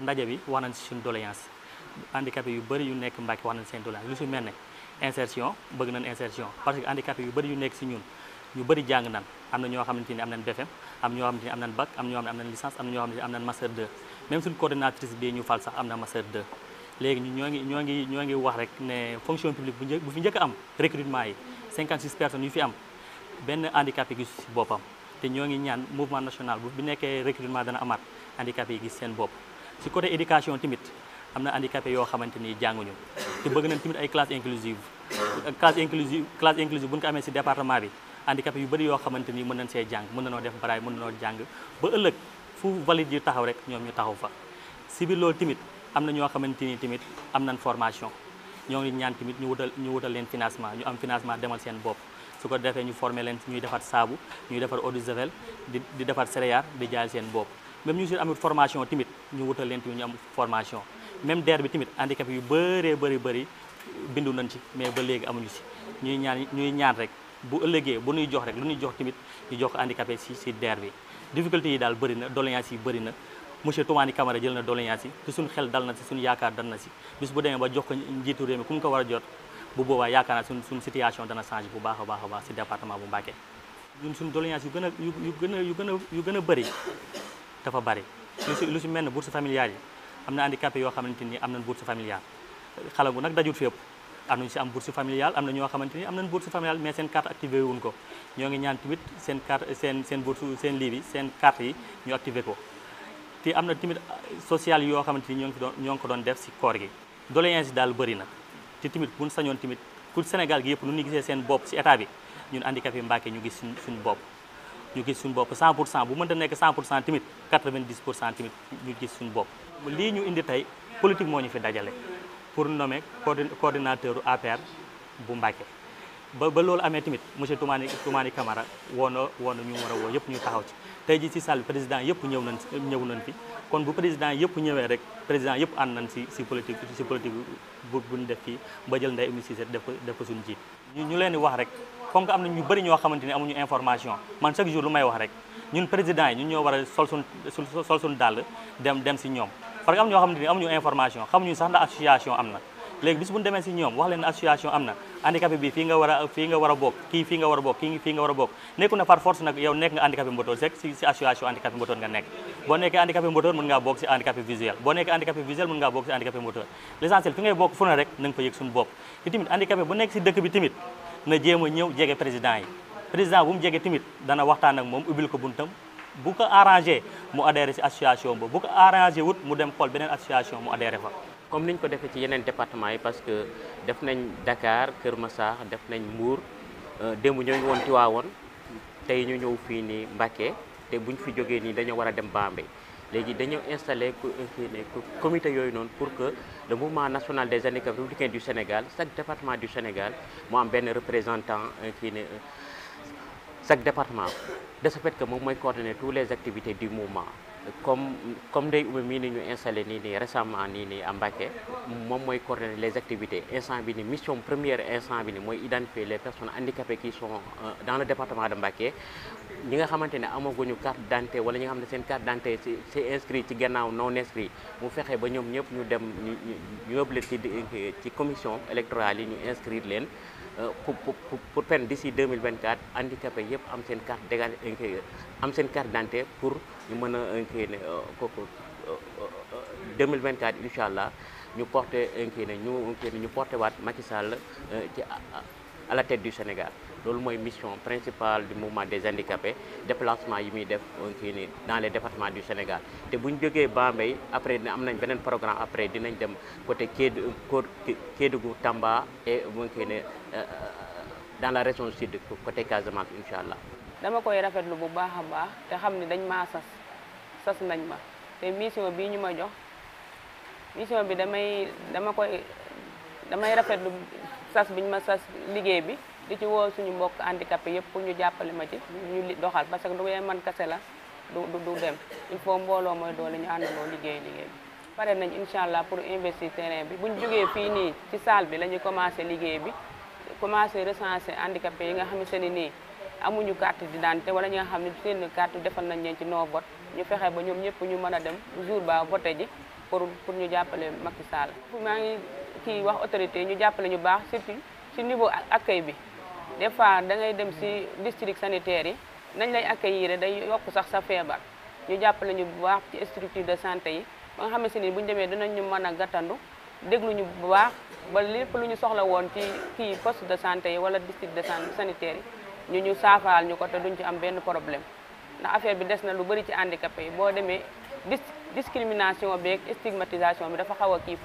ndaje bi wax nañ si suñu doléance handicapé yu bëri yu nekk Mbàkke wax nañ seen doléance lu si mel ne insertion bëgg nañ insertion parce que handicapé yu bëri yu nekk si ñun ñu bëri jàng nan am na ñoo xamante ni am nañ BFM am ñoo xam ni am na bac am ñoo xam ne am nañ licence am na ñoo xam ne am nañ master 2 même suñu coordinatrice bi ñu fal sax am na master 2 léegi ñoo ngi ñoo ngi ñoo ngi wax rek ne fonction publique bu fi njëkk am recrutement yi 56 personnes yu fi am benn handicapé gis si boppam te ñoo ngi ñaan mouvement national bu nekkee recrutement dana amaat handicapé yi gis seen bopp ci côté éducation tamit am na handicapé yoo xamante ni jànguñu te bëgg nañ timit ay classe inclusive classe inclusive classe inclusive bu ñu ko amee si département bi handicapé yu bëri yoo xamante ni mën nañ see jàng mën nañoo def baraay mën nanoo jàng ba ëllëg fu valide yu taxaw rek ñoom ñu taxaw fa si biir am na ñoo xamante ni tamit am nañ formation ñoo ngi ñaan tamit ñu wutal ñu wutal leen financement ñu am financement demal seen bopp su ko ñu former leen ñuy defar saabu ñuy defar eau de javel di di defar céréales di jaay seen bopp même ñu si amul formation tamit ñu wutal leen tamit ñu am formation même DER bi tamit handicapé yu bëree bëri bëri bindu nañ ci mais ba léegi amuñu si ñuy ñaan ñuy ñaan rek bu ëllëgee bu nuy jox rek lu ñuy jox tamit ñu jox ko handicapé si deer bi difficulté yi daal bëri na doléance yi bëri na monsieur Toumani Camara jël na doléance yi te suñu xel dal na si suñu yaakaar dal na si bis bu demee ba jox ko njiitu réew mi ku mu ko war a jot bu boobaa yaakaar naa suñ suñu situation dana changé bu baax a baax a baax si département bu Mbacké ñun suñu doléance gën a yu gën a yu gën a yu gën a bëri dafa bari lu si lu si mel ne bourse familiale yi am na handicapé yoo xamante ni am nañ bourse familiale xalangu nag dajut fépp am nañu si am bourse familiale am na ñoo xamante ni am nañ bourse familiale mais seen carte activé wuñ ko ñoo ngi ñaan tamit seen carte seen seen bourse seen lii bi seen carte yi ñu activé ko te am na tamit euh, social yoo xamante ni ñoo ngi doon ñoo ngi ko doon def si koor gi doléance daal bëri na te tamit buñ sañoon tamit pour Sénégal yëpp nu ñu seen bopp si état bi ñun handicapé Mbàkke ñu gis suñ suñu bopp ñu gis suñ bopp 100 pour cent bu mënta nekk 100 pour cent tamit 90 pour cent tamit ñu gis suñu bopp. lii ñu indi tey politique moo ñu fi dajale pour nommer coordinateur APR bu Mbacké ba ba loolu amee tamit monsieur Toumani Toumani Camara woo na woo na ñu war a woo yëpp ñu taxaw ci. tey ji si salle président yëpp ñëw nañ ñëw nañ fi kon bu président yëpp ñëwee rek président yëpp ànd nañ si si politique si politique bu bu ñu def fii ba jël Ndeye Amy Cissé def ñu ñu leen di wax rek. comme que am na ñu bëri ñoo xamante ni amuñu information man chaque jour lu may wax rek ñun président yi ñun ñoo war a sol suñ sol suñ dàll dem dem si ñoom parce que am ñoo xamante ni amuñu information xamuñu sax ndax association am na léegi bis bu ñu demee si ñoom wax leen association am na handicapé bi fii nga war a fii nga war a bokk kii fii nga war a bokk kii fii nga war a bokk nekku na par force nag yow nekk nga handicapé mbotoor rek si si association handicapé mbotoor nga nekk boo nekkee handicapé mbotoor mën ngaa bokk si handicapé visuel boo nekkee handicapé visuel mën ngaa bokk si handicapé mbotoor l'essentiel fi ngay bokk fu ne rek na nga fa yëg suñu bopp te tamit handicapé bu nekk si dëkk bi tamit na jéem a ñëw jege président yi président bu mu jege tamit dana waxtaan ak moom ubbil ko buntam bu ko arrangé mu adhéré si association ba ko arrangé wut mu dem xool beneen association mu adhéré fa. comme niñ ko defee ci yeneen département yi parce que def nañ Dakar Kër Massar def nañ mbuur euh, démb ñoo ngi woon Tiwaawoon tey ñu ñëw fii nii Mbacké te buñ fi jógee nii dañoo war a dem Bambey. léegi dañoo installé euh, comité yooyu noonu pour que le mouvement national des handicaps républicains du Sénégal chaque département du Sénégal mu am benn représentant kii euh, ne euh, chaque département de ce que moom mooy coordonner toutes les activités du mouvement comme comme Ndeye Oumé mii ni ñu installé nii nii récemment nii nii à Mbacké moom mooy coordonner les activités instant bi ni mission première instant bi ni mooy identifier les personnes handicapées qui sont euh, dans le département de Mbacké ñi nga xamante ne amaguñu carte d'identité wala ñi nga xam ne seen carte d'identité ci c'est inscrit ci gannaaw non inscrit mu fexe ba ñoom ñëpp ñu dem ñu yóbbu leen ci ci commission électorale yi ñu inscrire leen Euh, pour pour pour pen vingt 2024 handicapé yëpp am seen carte d'égalité inclure euh, euh, am seen carte d'identité pour ñu mën a inclure kooku 2024 incha allah ñu porté inclure ñu inclure ñu porté waat Macky Sall ci. à la tête du Sénégal loolu mooy mission principale du mouvement des handicapés déplacement yi muy def fii nii dans les départements du Sénégal te bu ñu jógee Bambey après dina am nañ beneen programme après dinañ dem côté Kédougou Kédougou Tamba et mu ngi ne euh, dans la région sud côté Casamance incha allah. dama koy rafet lu bu baax a baax te xam ne dañ maa sas sas nañ ma te mission bii ñu ma jox mission bi damay dama koy. damay rafetlu sas biñ ma sas liggéey bi di ci woo suñu mbokk handicapé yëpp pour ñu jàppale ma ci ñu doxal parce que du yee man kase la du du dem faut mbooloo mooy doole ñu àndandoo liggéey liggéey bi pare nañ incha allah pour investir terrain bi buñ jógee fii nii ci salle bi la ñuy commencé liggéey bi commencé recenser handicapé yi nga xamante ni nii amuñu carte d'identité wala ñi nga xam ne seen carte defal nañ leen ci noo ñu fexe ba ñoom ñëpp ñu mën a dem jour ba voté ji pour pour ñu jàppale Macky Sall maa ngi kii wax yi ñu jàppale ñu baax surtout ci niveau accueil bi des fois da dem si district sanitaire yi nañ lay accueillir day yokk sax sa feebar ñu jàppale ñu bu baax ci structure de santé yi ba nga xamante ni bu ñu demee dinañ ñu mën a gàttandu déglu ñu bu baax ba lépp lu ñu soxla woon ci kii poste de santé yi wala district de santé sanitaire yi ñu ñu saafal ñu ko te duñ ci am benn problème ndax affaire bi des na lu bëri ci handicapé yi boo demee discrimination beeg stigmatisation bi dafa xaw a kii